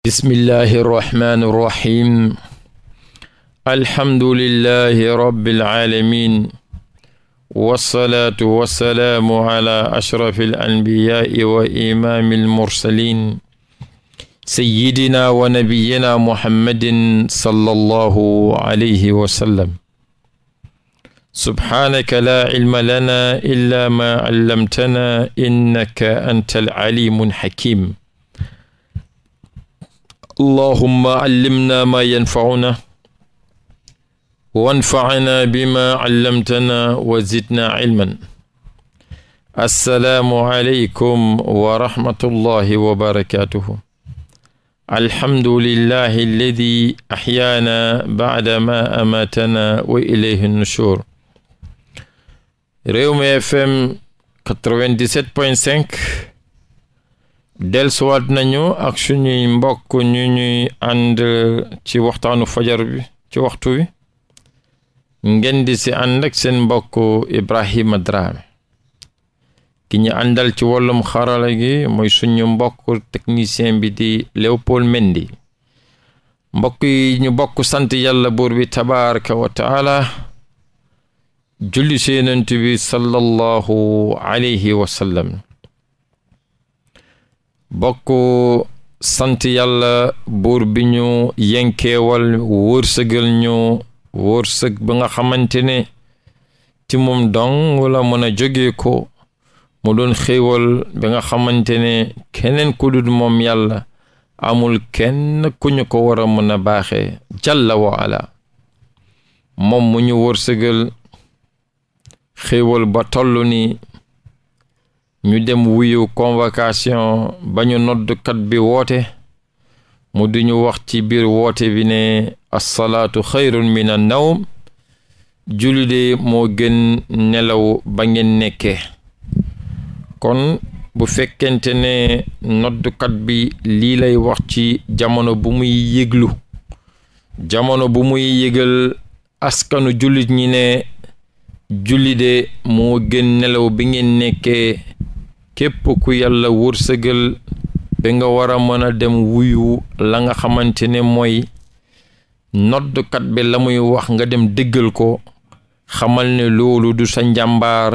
bismillahi irrahmani irrahim alhamdulillahi rabbil alamin wassalaatu wassalaamu ala ashrafi alanbiyaai wa imaami almursalin sayidina wa nabiyina muhammadin sallallahu alayhi wa sallam subhaanaka laa cilma lanaa illaa maa callamtanaa innaka anta alcalimu alxakim allahumma allimna ma yanfa'una wanfa'na bima 'allamtana wa zidna ilman assalaamu aleykum wa rahmatullahi wa barakatuhu alhamdulillahi alladi ahyaana ba'da ma amaatana wa ilayhi nushur Rewmi FM 97.5 delsuwaat nañu ak suñuy mbokk ñu ñuy ànd ci waxtaanu fajar bi ci waxtu wi ngeen di ci ànd ak seen mbokk Ibrahima Drame ki ñu àndal ci wàllum xarala gi mooy suñu mbokk technicien bi di lewpol Mendy mbokk yi ñu bokk sant yàlla buur bi tabaraka wa taala julli seenant bi sallallahu alayhi wa bokk sant yàlla buur bi ñu yenkeewal wërsëgal ñu wërsëg ba nga xamante ne ci moom dong la mën a jóge ko mu doon xéewal bi nga xamante ne keneen ku dul moom yàlla amul kenn ku ñu ko war a mën a baaxe jàlla wa ala moom mu ñu wërsëgal xéewal ba toll ni ñu dem wuyu convocation ba ñu noddkat bi woote mu du ñu wax ci biir woote bi ne assalaatu xayrun min an nawm julli moo gën nelaw ba ngeen nekkee kon bu fekkente ne noddkat bi lii lay wax ci jamono bu muy yëglu jamono bu muy yëgal askanu jullit ñi ne jullide moo gën nelaw bi ngeen nekkee képp ku yàlla wërsëgal bi nga war a mën a dem wuyu la nga xamante ne mooy noddkat bi la muy wax nga dem déggal ko xamal ne loolu du sa njàmbaar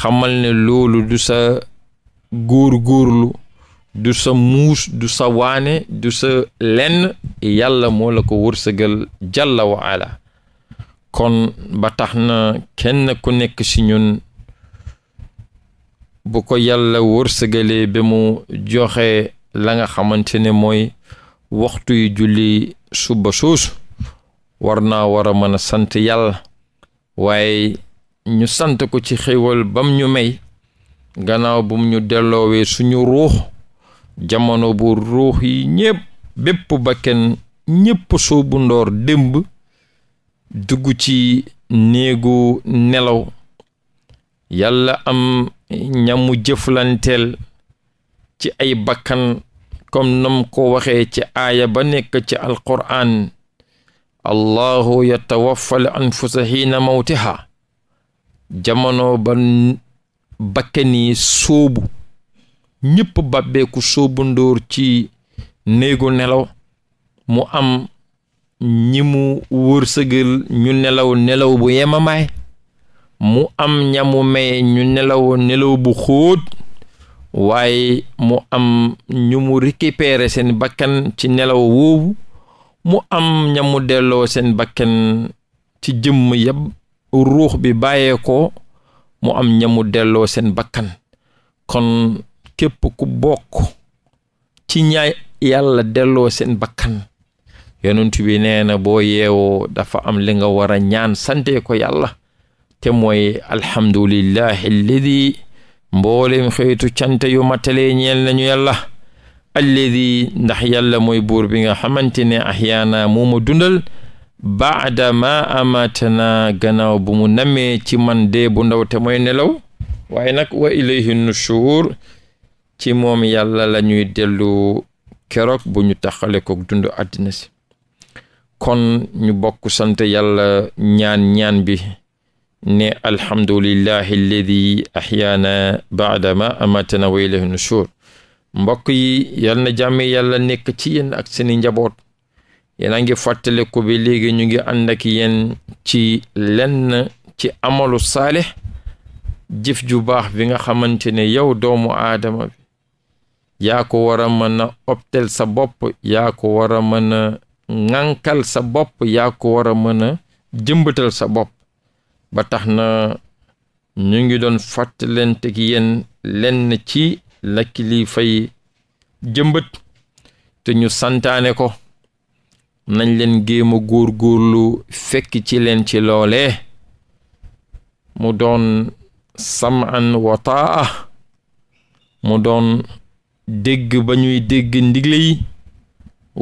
xamal ne loolu du sa góor du sa muus du sa waane du sa lenn yàlla moo la ko wërsëgal jàlla wa ala kon ba tax na kenn ku nekk ci ñun bu ko yàlla wërsëgalee ba mu joxe la nga xamante ne mooy waxtu yu julli suba soosu war naa war a mën sant yàlla waaye ñu sant ko ci xéwal bam ñu may gannaaw bum ñu delloowee suñu ruux jamono bu ruux yi ñépp bépp bakken ñépp soobu ndoor démb dugg ci neegu nelaw yàlla am ñamu jëflanteel ci ay bakkan comme nam ko waxee ci aaya ba nekk ci alqur'an allahu yatawaffal anfusa xiina mawtiha jamono ba bakkani yi sóobu ñëpp bàbbeeku sóobu ndóor ci néegu nelaw mu am ñi mu wërsëgal ñu nelaw nelaw bu yemamaay mu am ñamu may ñu nelaw nelaw bu xóot waaye mu am ñu mu récupérer seen bakkan ci nelaw woowu mu am ñamu delloo seen bakkan ci jëmm yab ruux bi bàyyeekoo mu am ñamu delloo seen bakkan kon képp ku bokk ci ñaay yàlla delloo seen bakkan yonent bi nee na boo yeewoo dafa am li nga war a ñaan sante ko yàlla te mooy alhamdulillahi alladi mboolem xeetu cant yu mattalee ñeel lañu yàlla alladi ndax yàlla mooy buur bi nga xamante ne ahyaana moo ma dundal baada ma amatana gannaaw bu mu namee ci man dee bu ndaw te mooy nelaw waaye nag wa ilayhi nushur ci moom yàlla la ñuy dellu keroog bu ñu taxale ko dund àddina kon ñu bokk sant yàlla ñaan ñaan bi ne alhamdulillahi alladi ahyaana baada ma amatana wa ilayhi nushur mbokk yi yal na jàmm yàlla nekk ci yéen ak seeni njaboot yéen a ngi fàttaliku bi léegi ñu ngi ànd yen ci lenn ci amalu saale jëf ju baax bi nga xamante ne yow doomu aadama yaa ko war a mën a optel sa bopp yaa ko war a mën a ŋànkal sa bopp yaa ko war a mën a jëmbatal sa bopp ba tax na ñu ngi doon fàttalante ki lenn ci la kilifa yi jëmbët te ñu santaane ko nañ leen géema a góorlu fekk ci leen ci loole mu doon saman wa taa mu doon dégg ba ñuy dégg ndigle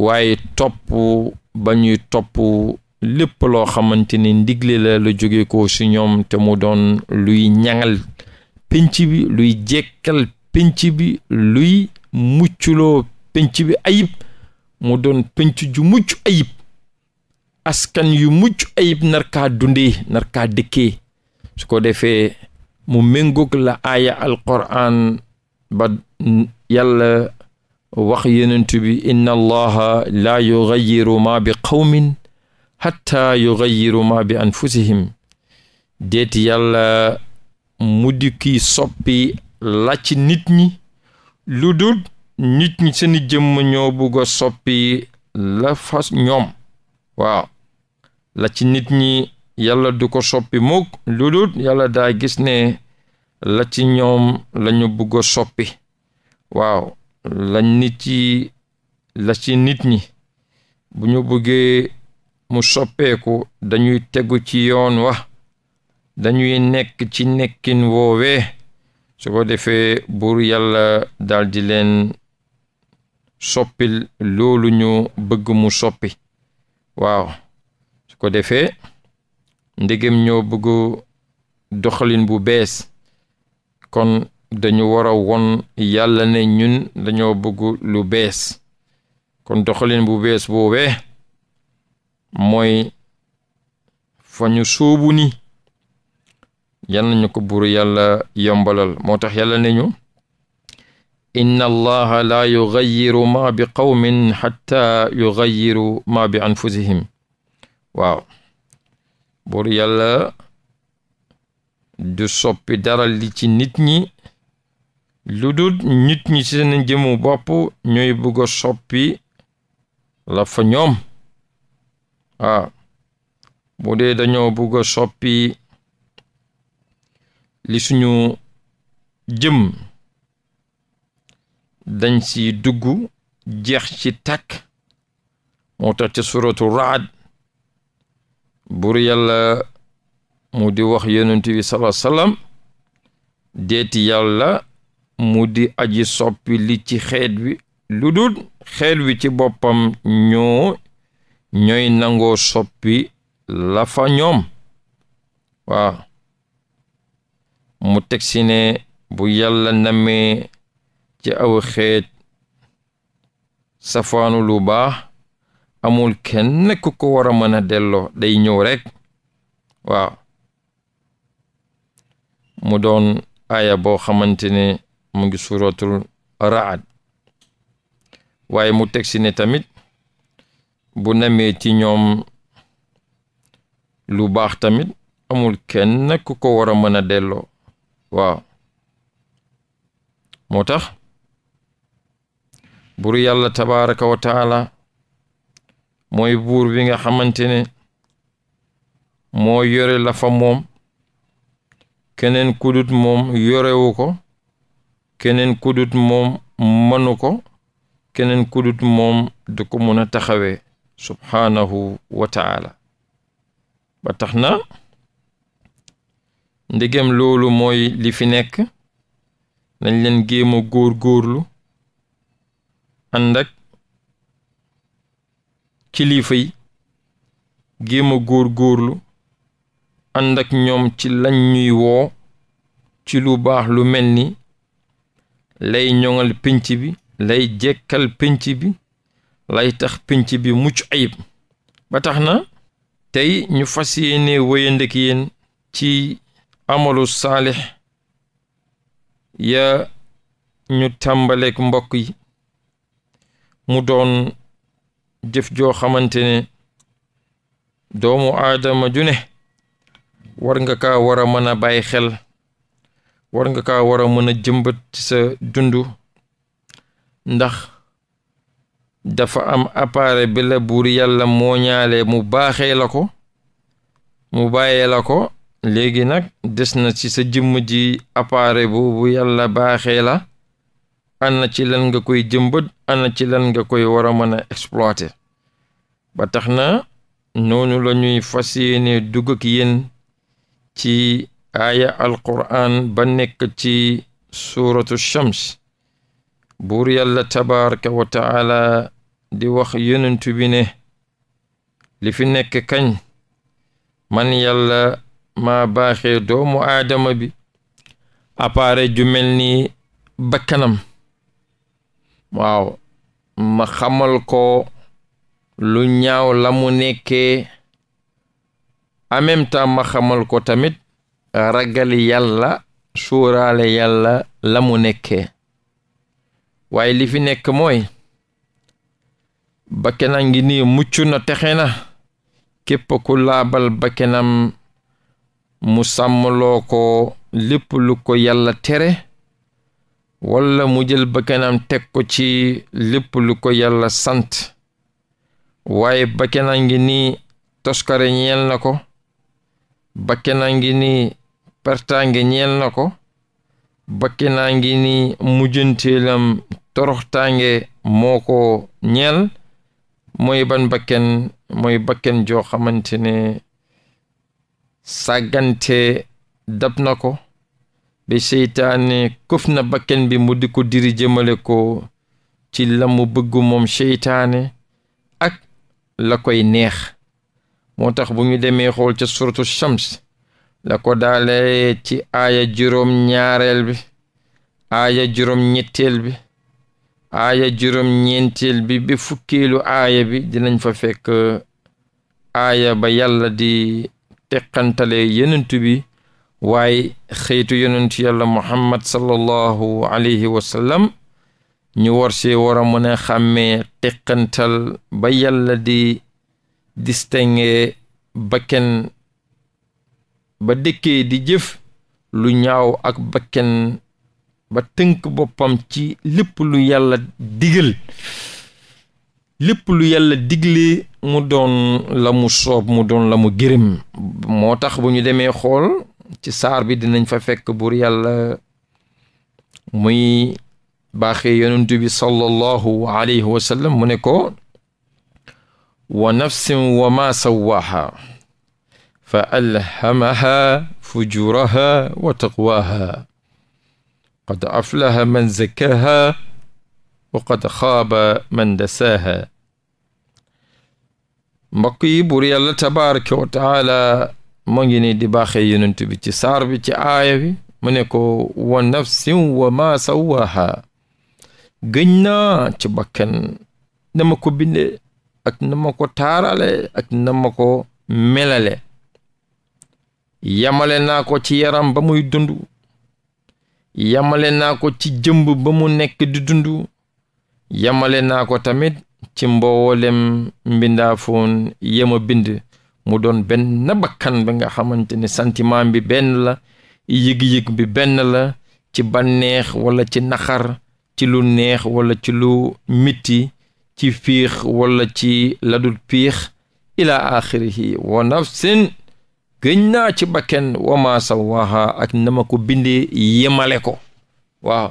waaye topp ba ñuy topp lépp loo xamante ni ndigle la lu jóge ko su ñoom te mu doon luy ñaŋal penc bi luy jekkal penc bi luy mucculoo penc bi ayib mu doon penc ju mucc ayib askan yu mucc ayib narkaa dundee narkaa dëkkee su ko defee mu méngoog la aaya alquran ba yàlla wax yenentu bi inna allaha laa yugayiru ma bi qawmin hatta yugayiru ma bi anfusihim déet yàlla mudiki soppi la ci nit ñi lu nit ñi seeni jëmm ñoo bugg soppi la fas ñoom waaw la ci nit ñi yàlla du ko soppi mukk lu dul yàlla daa gis ne la ci ñoom lañu bugg a soppi waaw la nit yi la ci nit ñi bu ñu mu soppeeku dañuy tegu ci yoon wa dañuy nekk ci nekkin woowee su ko defee buur yàlla daldi leen soppil loolu ñu bëgg mu soppi waaw su ko defee ndegem ñoo bëgg doxalin bu bees kon dañu wara won yàlla ne ñun dañoo bëgg lu bees kon doxalin bu bees woowee mooy fa suubu ni yal nañu ko buur yàlla yombalal moo tax yàlla ne ñu inna allaha laa yugayiru ma bi qawmin xatta yugayiru ma bi anfusihim waaw buur yàlla du soppi daral li ci nit ñi lu dul nit ñi ci seen jëmu bopp ñooy bëgg a soppi la ñoom waaw ah, bu dee dañoo bugg a soppi li suñu jëm dañ si dugg jeex ci tàkk moo tax ci suratu raad bur yàlla mu di wax yonent bi salaa sallam deeti yàlla mu di aji soppi li ci xeet wi lu dul xeet wi ci boppam ñoo ñooy nangoo soppi la ñoom waaw mu teg si bu yàlla namee ci aw xeet safaanu lu baax amul kenn ku ko war a mën a delloo day ñëw rekk waaw mu doon aaya boo xamante ne mu ngi suratul raad waaye mu teg si tamit bu namee ci ñoom lu baax tamit amul kenn ku ko war a mën a delloo waaw moo tax bur yàlla tabaaraka wa taala mooy buur bi nga xamante ne moo yore lafa moom keneen kudut moom yorewu ko keneen kudut moom mënu ko keneen kudut moom du ko mun a taxawee subhaanahu wa taala ba tax na ndegem loolu mooy li fi nekk nañ leen géem a góor-góorlu ànd ak yi géem a góorlu ànd ñoom ci lañ ñuy woo ci lu baax lu mel ni lay ñoŋal pénc bi lay jekkal pénc bi lay tax pénc bi mucc ayib ba tax na tey ñu fas yéene wéyandek yéen ci amalu saalix ya ñu tàmbaleek mbokk yi mu doon jëf joo xamante ne doomu aadama ju ne war nga kaa war a mën a bàyyi xel war nga kaa war a mën a jëmbat sa dundu ndax dafa am appareil bi la buur yàlla moo ñaale mu baaxee la ko mu bàyyee la ko léegi nag des na ci sa jëmm ji appareil boobu yàlla baaxee la ana ci lan koy jëmbat ana ci lan nga koy war a mën a exploiter ba tax na noonu la ñuy fas yéene dugg ak yéen ci aaya alquran ba nekk ci suuratu shams buur yàlla tabaraka wa di wax yonent bi ne li fi nekk kañ man yàlla maa baaxe doomu aadama bi appareil ju mel ni bakkanam waaw ma xamal ko lu ñaaw la mu nekkee en même temps ma xamal ko tamit ragal yàlla suuraale yàlla la mu nekkee waaye li fi nekk mooy bakkenam ngi nii mucc na texe na képp ku bakkenam mu sàmmloo ko lépp lu ko tere walla mu jël bakkenam teg ko ci lépp lu ko yàlla sant waaye bakkenam ngi nii toskare ñeel na ko bakkenam ngi nii pertaange ñeel ko bakkenam ngi nii mujjanteelam toroxtaange moo ko ñel mooy ban bakken mooy bakken joo xamante ne sàggante dab na ko ba seytaane këf na bakken bi mu di ko diri jëmale ko ci la mu moom seytaane ak la koy neex moo tax bu ñu demee xool ca suratu sams la ko daale ci aaya juróom ñaareel bi aaya juróom ñetteel bi aaya juróom ñeenteel bi ba fukkeelu aaya bi dinañ fa fekk aaya ba yàlla di teqantale yenentu bi waaye xëytu yonentu yàlla muhammad sallallahu alayhi wa sallam ñu war si wara a mën a xàmmee teqantal ba yàlla di distinguer bakken ba dëkkee di jëf lu ñaaw ak bakken ba tënk boppam ci lépp lu yàlla digal lépp lu yàlla digle mu doon la mu soob mu doon la mu gërëm moo tax bu ñu demee xool ci saar bi dinañ fa fekk buur yàlla muy baaxee yonent bi sallallahu wa sallam mu ne ko wa nafsin wa ma sawaaha fa alhamaha fujuraha wa taqwaha qad aflaha man zakkaaha wa qad xaaba man dasaaha mbokk yi buur yàlla tabaraka wa taala moo ngi nii di baaxee yonent bi ci saar bi ci aaya bi mu ko wa nafsin wa maa sawaaha gëñ naa ci bakkan na ma ko binde ak na ma ko taarale ak na ma ko melale yamale naa ko ci yaram ba muy dund yamale naa ko ci jëmb ba mu nekk di dundu yamale naa ko tamit ci mboolem mbindaafoon yema bind mu doon benn bakkan bi nga xamante ne sentiment bi benn la yëg-yëg bi benn la ci banneex wala ci naxar ci lu neex wala ci lu mitti ci fiix wala ci ladul piix ila axirihi wa nafsin gëñ naa ci bakken wama sawaaha ak na ko bindee yemale ko waaw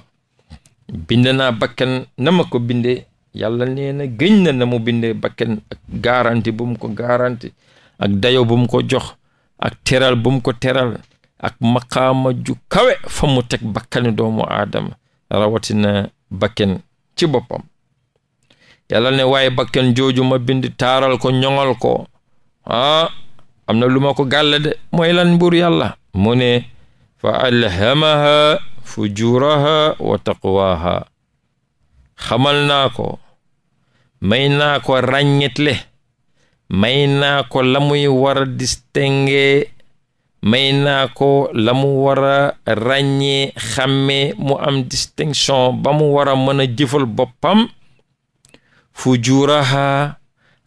bind naa bakken na ko bindee yàlla nee na gëñ na mu bindee bakken ak garanti bu ko garanti ak dayo bum ko jox ak teral bu ko teral ak maqaama ju kawe fa mu bakkani doomu aadama rawatina bakken ci boppam yàlla ne waaye bakken jooju ma bind taaral ko ñoŋal ko ah am na lu ma ko gàll de mooy lan buur yàlla mu ne fa alhamaha fujuraha wa taqwaha xamal naa ko may naa ko ràññetle may naa ko la muy war a may naa ko la mu war a ràññee xàmmee mu am distinction ba mu war a mën a jëfal boppam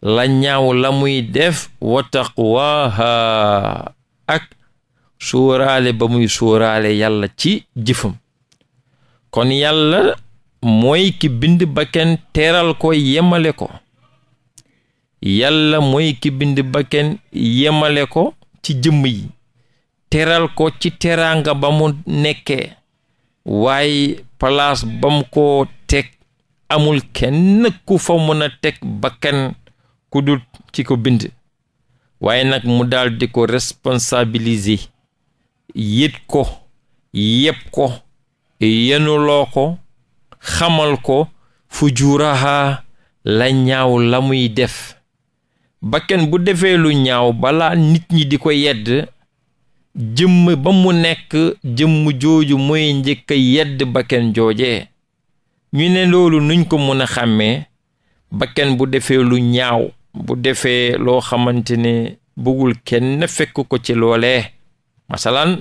la ñaaw la muy def wa taqwaha ak suuraale ba muy suuraale yàlla ci jëfam kon yàlla mooy bind bakken teeral ko yemale ko yàlla mooy ki bind bakken yemale ko ci jëmm yi teral ko ci teraanga ba mu nekkee waaye palaas ba ko teg amul kenn ku fa mën a teg bakkan ku dul ki ko bind waaye nag mu daldi di ko responsabiliser yët ko yëpp ko yenuloo ko xamal ko fu juuraha la ñaaw la muy def bakken bu defee lu ñaaw bala nit ñi di ko yedd jëmm ba mu nekk jëmm jooju mooy njëkk yedd bakken jooje ñu ne loolu nuñ ko mën a xàmmee bakken bu defeelu lu ñaaw bu defee loo xamante ne bëggul kenn fekk ko ci loole masalan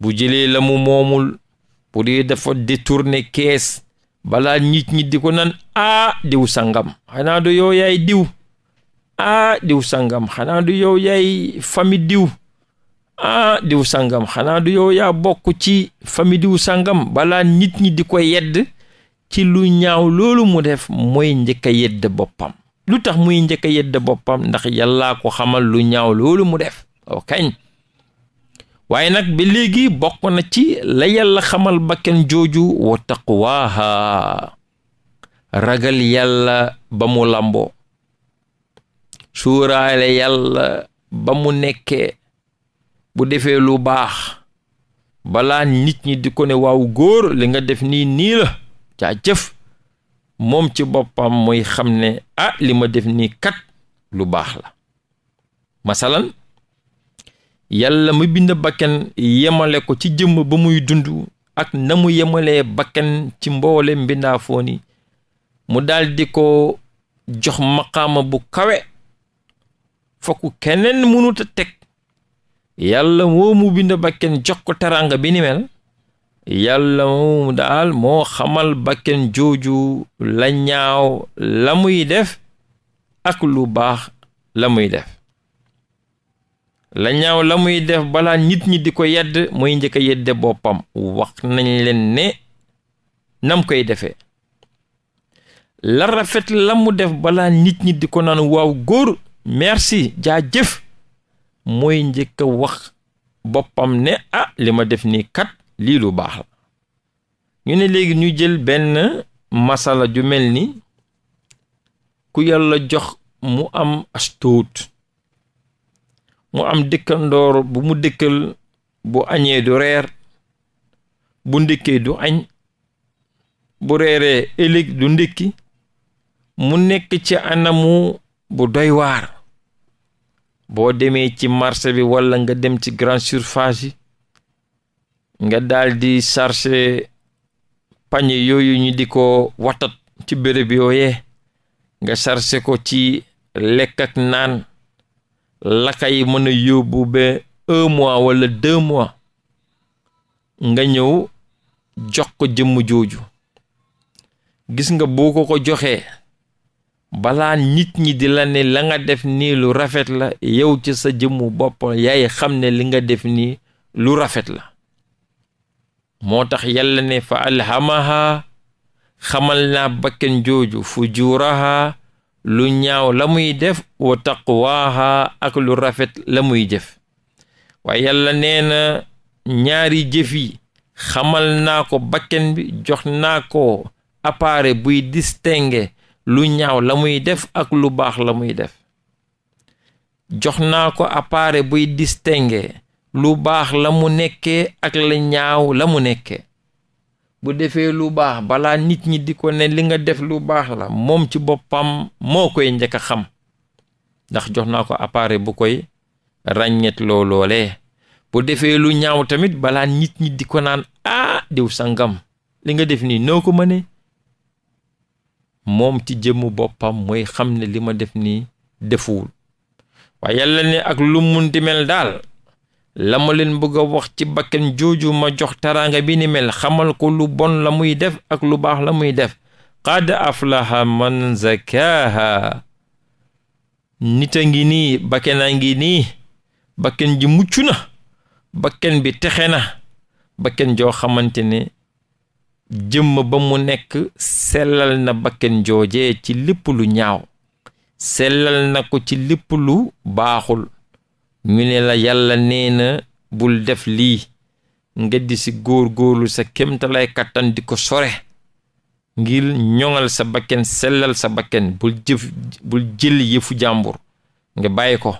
bu jëlee lamu moomul bu dee dafa détourné kees balaa nit ñi di ko naan aa ah, diw sangam xanaa du yow diw aa diw sangam xanaa du yow yaay famille diw ah, aa ah, diw sangam xanaa du yow yaa ci famille diw sangam balaa nit ñi di ko yedd ci lu ñaaw loolu mu def mooy njëkka yedd boppam lu tax muy njëkk a yedd boppam ndax yàllaa ko xamal lu ñaaw loolu mu def o kañ waaye nag ba léegi bokk na ci la yàlla xamal bakken jooju wa taqwaaha ragal yàlla ba mu làmboo suuraale yàlla ba mu nekkee bu defee lu baax balaa nit ñi di ko ne góor li nga def nii nii la jëf moom ci boppam muy xam ne ah li ma def nii kat lu baax la masalan yàlla mu bind bakkan yemale ko ci jëmm ba muy dund ak na mu yemalee bakkan ci mboole mbindaafooni mu daldi ko jox maqaama bu kawe fokk keneen mënut teg yàlla woo mu bind bakken jox ko teraanga bi ni mel yàlla mu daal moo xamal bakken jooju la ñaaw la muy def ak lu baax la muy def la ñaaw la muy def balaa nit ñi di ko yedd moy njëkk a yedde boppam wax nañ leen ne nam koy defee la rafet la mu def balaa nit ñi di ko nan waaw góor merci jaajëf mooy njëkk a wax boppam ne ah li def nii kat lii lu baax ñu ne léegi ñu jël benn masala ju mel ni ku yàlla jox mu am astuut mu am dëkkandoor bu mu dëkkal bu añee du reer bu ndékkee du añ bu reeree ëllëg du ndëkki mu nekk ci anamu bu doy waar boo demee ci marse bi walla nga dem ci grande surface yi nga daldi di pañe yooyu ñu di ko watat ci béréb yooye nga chargé ko ci lekk ak naan lakay mën a yóbbu ba un mois wala deux mois nga ñëw jox ko jëmm jooju gis nga boo ko ko joxee balaa nit ñi di la ne la nga def nii lu rafet la yow ci sa jëmmu bopp yaay xam ne li nga def nii lu rafet la moo tax yàlla ne fa alhamaha xamal naa bakken jooju fu fujuraha lu ñaaw la muy def wa taqwaha ak lu rafet la muy jëf waaye yàlla nee na ñaari jëf xamal naa ko bakken bi jox naa ko appareil buy distinguer lu ñaaw la muy def ak lu baax la muy def jox naa ko appareil buy distinguer lu baax la mu nekkee ak la ñaaw la mu nekkee bu defee lu baax balaa nit ñi di ko ne li nga def lu baax la moom ci boppam moo koy njëkk a xam ndax jox naa ko appareil bu koy ràññet loo bu defee lu ñaaw tamit balaa nit ñi di ko naan ah diw sangam li nga def nii noo ko mënee moom ci jëmmu boppam mooy xam ne li ma def nii defuwul waaye yàlla ne ak lu mun di daal la ma bëgg a wax ci bakkan jooju ma jox taraanga bi ni mel xamal ko lu bon la muy def ak lu baax la muy def qad aflaha man zakaaha nit a ngi nii bakken a ngi nii bakken ji mucc na bakken bi texe na bakken joo xamante ne jëmm ba mu nekk sellal na bakken jooje ci lépp lu ñaaw sellal na ko ci lépp lu baaxul ñu ne la yàlla nee na bul def lii nga di si góor-góorlu sa kémtalay kattan di ko sore ngir ñoŋal sa bakken sellal sa bakken bul jël yëfu jàmbur nga bàyyi ko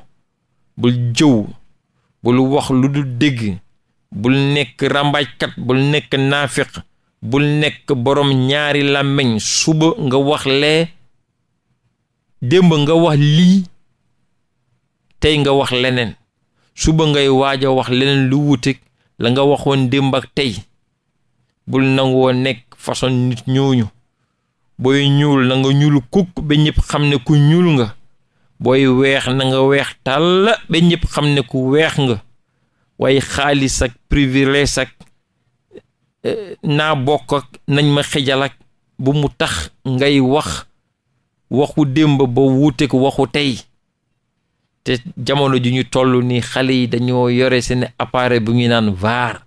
bul jëw bul wax lu du dégg bul nekk ràmbaajkat bul nekk naafiq bul nekk borom ñaari làmmiñ suba nga wax lee démb nga wax lii tey nga wax leneen suba ngay waaj a wax leneen lu wutik la nga waxoon démb ak tey bul nangoo nekk façon nit ñooñu booy ñuul na nga ñuul kukk ba ñëpp xam ne ku ñuul nga booy weex na nga weex tàll ba ñëpp xam ne ku weex nga way xaalis ak privilège ak eh, naa bokk nañ ma xejalak bu mu tax ngay wax waxu démb ba wuuteek waxu tey te jamono ju ñu toll ni xale yi dañoo yore seen appareil bu ñu naan vaar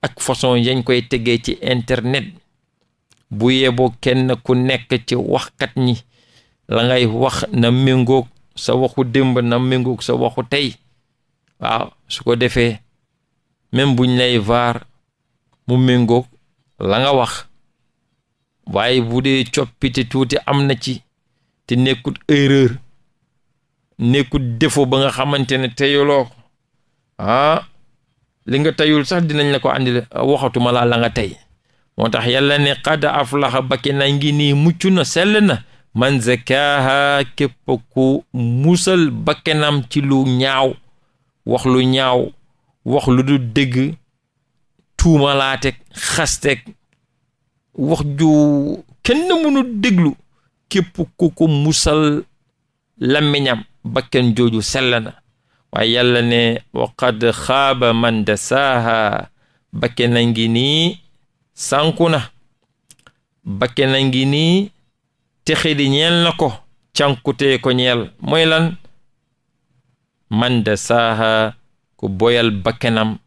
ak façon yañ koy tegee ci internet bu yeboo kenn ku nekk ci waxkat ñi la ngay wax na méngoog sa waxu démb na méngoog sa waxu tey waaw su ko defee même buñ lay vaar mu méngoog la nga wax waaye bu dee coppite tuuti am na ci te nekkut erreur nekku défaut ba nga xamante ne teyuloo ah li nga teyul sax dinañ la ko àndi waxatuma laa la nga tey moo tax yàlla ne qad aflaxa bakki na ngi nii mucc na sell na man zakaaha képp ku musal bakkenam ci lu ñaaw wax lu ñaaw waxlu lu du dëgg tuumalaateeg xasteeg wax ju kenn mënu déglu képp ku ko musal làmmiñam bakkan jooju sell na waaye yàlla ne wa xaaba man dasaaha bakke na ngi nii sànku na bakke na ngi nii texe di ñeel na ko cànkutee ko ñeel mooy lan man dasaaha ko boyal bakkenam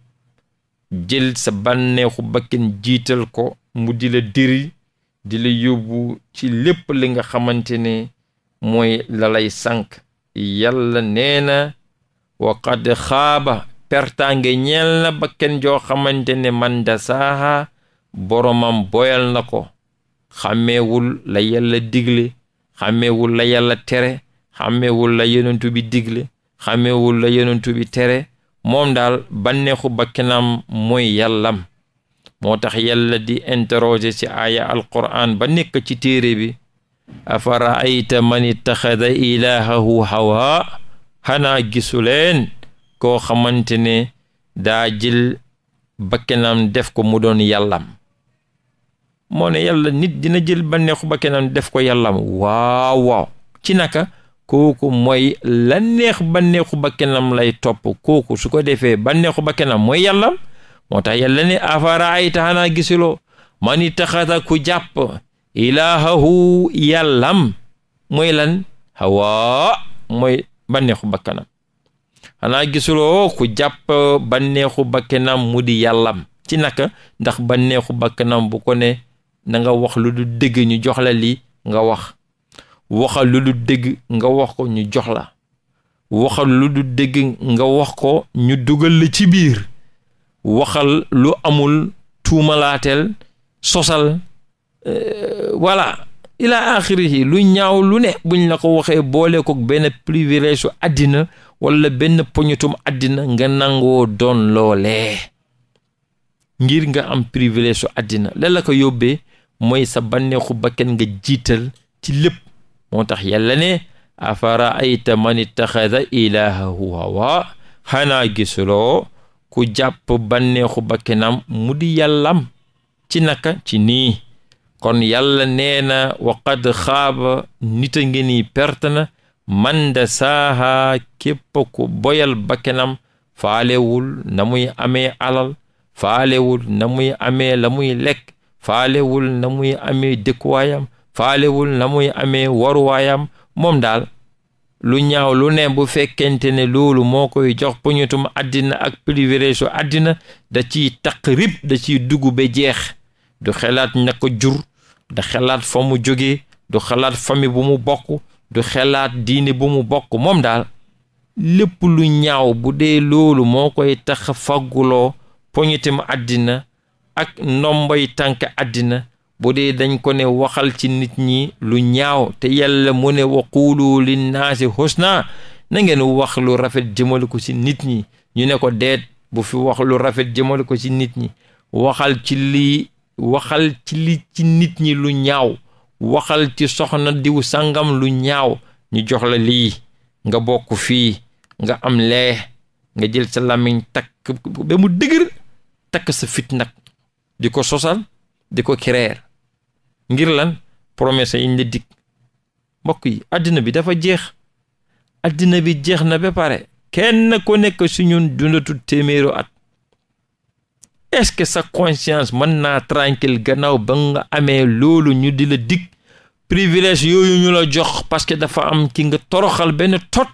jël sa banneexu bakken jiital ko mu dila la diri di la ci lépp li nga xamante ne mooy lalay sànk yàlla nee na waqad xaaba pertaange ñeel na bakken joo xamante ne man da dasaaha boromam boyal na ko xàmmeewul la yàlla digle xàmmeewul la yàlla tere xàmmeewul la yonentu bi digle xàmmeewul la yonentu bi tere moom daal banneexu bakkenam mooy yàllam moo tax yàlla di interroger ci aaya alquran ba nekk ci téere bi afaraayta man ittaxada ilaahahu hawa xanaa gisuleen koo xamante ne daa jil bakkenam def ko mu doon yàllam moone ne yàlla nit dina jël banneexu bakkenam def ko yàllam waaw waaw ci naka kooku mooy la banneexu bakkenam lay topp kooku su ko defee banneexu bakkenam mooy yàllam moo tax yàlla ne afaraayta xanaa gisuloo man ittaxada ku jàpp ilaahahu yàllam mooy lan hawa mooy bànneexu bakkanam xanaa gisuloo ku jàpp bànneexu bakkanam mu di yàllam ci naka ndax banneexu bakkanam bu ko ne nanga wax lu du dëgg ñu jox la lii nga wax waxal lu du dëgg nga wax ko ñu jox la waxal lu du dëgg nga wax ko ñu dugal la ci biir waxal lu amul tuumalaateel sosal Euh, voilà ila axirihi lu ñaaw lu ne buñ la ko waxee boole ko benn privilège su àddina wala benn poñutum àddina nga nangoo doon loolee ngir nga am privilège su àddina la ko yóbbee mooy sa bànneexu bakkan nga jiital ci lépp moo tax yàlla ne afara ayta man ittaxada ilaahahu hawa xanaa gisuloo ko jàpp bànneexu bakkanam mu di yàllam ci naka ci nii kon yàlla nee na waqad xaaba nit a ngi nii perte na man da saaha képp ku boyal bakkenam faalewul na muy amee alal faalewul na muy amee la muy lekk faalewul na muy amee dëkkuwaayam faalewul na muy amee waruwaayam moom daal lu ñaaw lu ne bu fekkente ne loolu moo koy jox puñutum àddina ak privilège àddina da ciy taq rib da ciy dugg ba jeex du xelaat ña jur du xelaat fa mu jógee du xelaat famille bu mu bokk du xelaat diine bu mu bokk moom daal lépp lu ñaaw bu dee loolu moo koy tax fagguloo poñitam àddina ak ndombay tànk àddina bu dee dañ ko ne waxal ci nit ñi lu ñaaw te yalla mu ne waquulu linnaasi husna na ngeen wax lu rafet jëmale ko ci nit ñi ñu ne ko deet bu fi wax lu rafet jëmale ko ci nit ñi waxal ci lii waxal ci li ci nit ñi lu ñaaw waxal ci soxna diw sàngam lu ñaaw ñu jox la lii nga bokk fii nga am lee nga jël sa làmmiñ takk ba mu dëgër takk sa fit di ko sosal di ko kireer ngir lan promesse sa ñu la dig mbokk yi àddina bi dafa jeex àddina bi jeex na ba pare kenn ko nekk su ñun dundatu téeméeru at est-ce que sa conscience mën naa tranquille gannaaw ba nga amee loolu ñu di la dig privilège yooyu ñu la jox parce que dafa am ki nga toroxal benn tot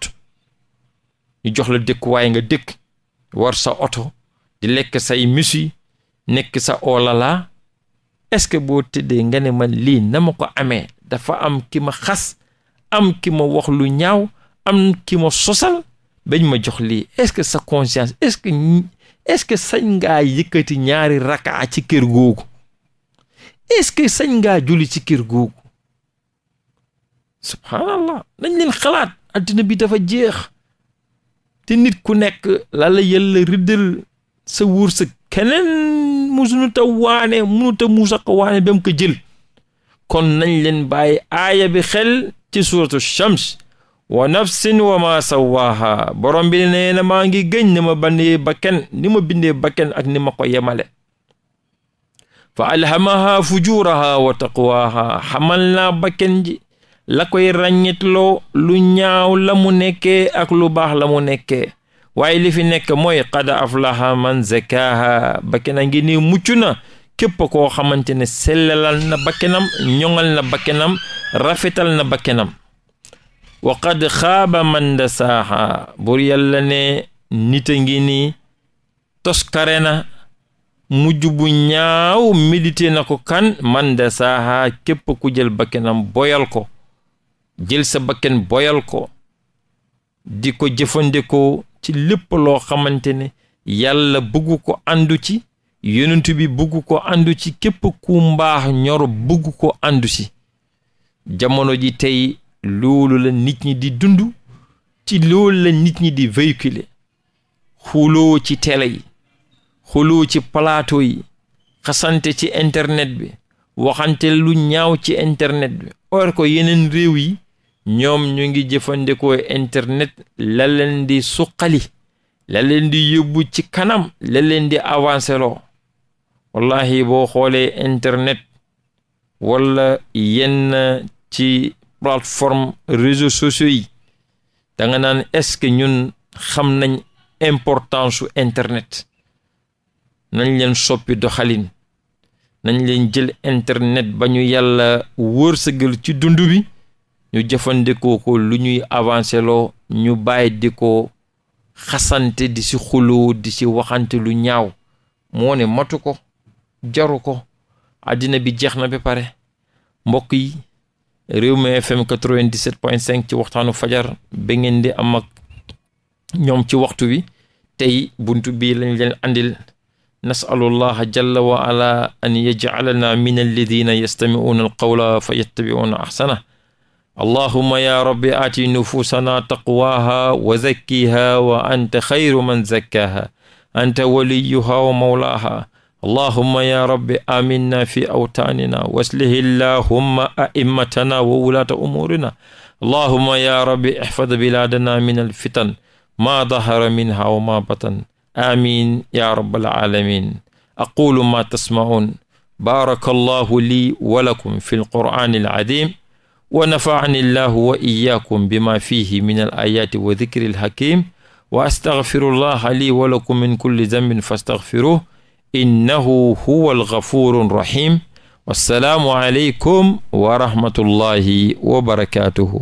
ñu jox la dëkkuwaay nga dëkk war sa oto di lekk say musi nekk sa olala est-ce que boo tëddee nga ne man lii na ma ko amee dafa am ki ma xas am ki ma wax lu ñaaw am ki ma sosal bañ ma jox lii est-ce que sa conscience est-ce est-ce que sañ ngaa yëkkati ñaari rakaa ci kër googu est-ce que sañ ngaa juli ci kër googu subhaanallah nañ leen xalaat addina bi dafa jeex te nit ku nekk la la yàlla riddal sa wërsëg keneen musunu ta waane munu ta muusa ko waane ba mu ko jël kon nañ leen bàyyi aaya bi xel ci suuratu shams wa nafsin wa ma sawaaha borom bi maa ngi gëñ ni ma bandee bakken ni ma bindee bakken ak ni ma ko yemale fa alhamaha fujuraha wa taqwaha xamal naa bakken ji la koy ràññitloo lu ñaaw la mu nekkee ak lu baax la mu nekkee waaye li fi nekk mooy qad aflaha a ngi nii mucc na képp koo xamante ne sellalal na bakkenam ñoŋal na bakkenam rafetal na bakkenam wa qad xaaba man dasaaha buur yàlla ne nit a ngi nii toskare na mujj bu ñaaw médité na ko kan man dasaaha képp ku jël bakkenam boyal ko jël sa bakken boyal ko di ko jëfandikoo ci lépp loo xamante ne yàlla bëgg ko àndu ci yonent bi bëgg ko àndu ci képp ku mbaax ñor bëgg ko àndu ci jamono ji tey loolu nit ñi di dundu ci loolu la nit ñi di véhiculer xuloo ci télé yi xuloo ci plateau yi xasante ci internet bi waxante lu ñaaw ci internet bi or ko yeneen réew yi ñoom ñu ngi jëfandikoo internet la leen di suqali la leen di yóbbu ci kanam la leen di avancé loo boo xoolee internet wala yenn ci plateforme réseaux sociaux yi da nga naan est-ce que ñun xam nañ importance su internet nañ leen soppi doxalin nañ leen jël internet ba ñu yàlla wërsëgal ci dund bi ñu jëfandikoo ko lu ñuy avancé loo ñu bàyyi di ko xasante di si xuloo di si waxante lu ñaaw moo ne matu ko jaru ko àddina bi jeex na ba pare mbokk yi réew mi fm 97.5 ci waxtaanu fajar ba ngeen di am ñoom ci waxtu wi tey buntu bi lañ leen andil nasalullaha jalla wa ala an yajcalana min alladina yastamicuuna alqawla fa taqwaaha wa zakkiha wa man zakkaaha anta waliyuha wa mawlaaha allahuma ya rabbi aminna fi awtaanina waslih illahumma aimmatana wa wulaata umuurina allahuma ya rabbi ihfad bilaadana min alfitan ma dahara minha wa ma batan amin ya rabbal alamin aqulu ma tasma'un baraka allahu lii wa lakum fi alqur'ani alazim wa nafa'ani allahu wa iyyakum bima fihi min alayati wa dhikri alhakim wa astaghfirullaha lii wa lakum min kulli dhanbin fastaghfiruhu innahu huwa algafuuru rahim wassalaamu aleykum wa rahmatullahi wa barakatuhu